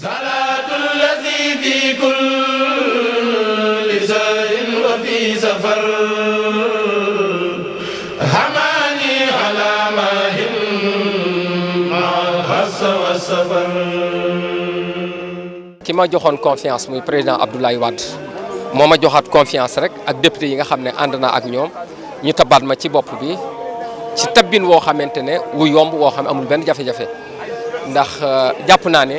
صلاة الذي في كل سهر وفي سفر حماني على ماهن مع الحس والسفر ki ma joxoon confiance muy président Abdoulaye Wade moo ma confiance rek ak député yi nga xam ne ak ñoom ñu tabaat ma ci bopp bi ci tabbin woo xamante wu yomb woo xam amul benn jafe-jafe ndax jàpp naa ne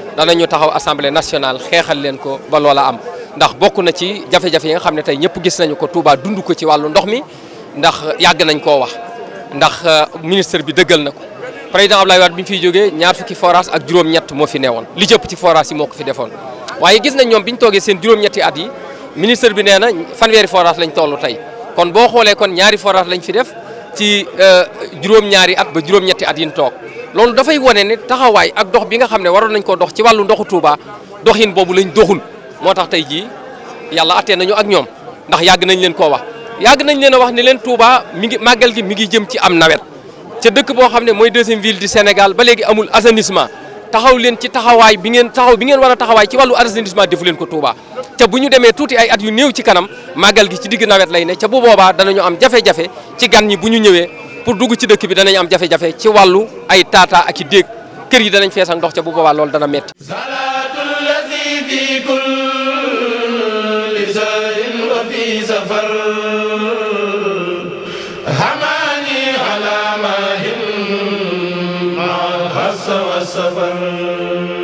danañu taxaw assemblée nationale xeexal leen ko ba loola am ndax bokk na ci jafe-jafe yi nga xam ne tey ñëpp gis nañu ko tuuba dund ko ci wàllu ndox mi ndax yàgg nañ koo wax ndax euh, ministre bi dëggal na ko président Abdoulaye Wade bi ñu fiy jógee ñaar fukki forage ak juróom-ñett moo fi neewoon li jëpp ci forage yi moo ko fi defoon waaye gis nañ ñoom bi ñu toogee seen juróom-ñetti at yi ministre bi nee na fanweeri forage lañ toll tey kon boo xoolee kon ñaari forage lañ fi def ci euh, juróom-ñaari at ba juróom-ñetti at yi ñu toog loolu dafay wane ne taxawaay ak dox bi nga xam ne waroon nañ koo dox ci wàllu ndoxu Touba doxin boobu lañ doxul moo tax tey jii yàlla attee nañu ak ñoom ndax yàgg nañ leen ko wax yàgg nañ leen a wax ni leen Touba mi ngi màggal gi mi ngi jëm ci am nawet ca dëkk boo xam ne mooy deuxième ville du Sénégal ba léegi amul assainissement taxaw leen ci taxawaay bi ngeen taxaw bi ngeen war a taxawaay ci wàllu assainissement defu leen ko Touba ca bu ñu demee tuuti ay at yu néew ci kanam màggal gi ci digg nawet lay ne ca bu boobaa danañu am jafe ci gan ñi bu ñu ñëwee pour dugg ci dëkk bi danañ am jafe-jafe ci wàllu ay taataa ak i déeg kër yi danañ fees ak ndox ca bu boobaa loolu dana metti السفر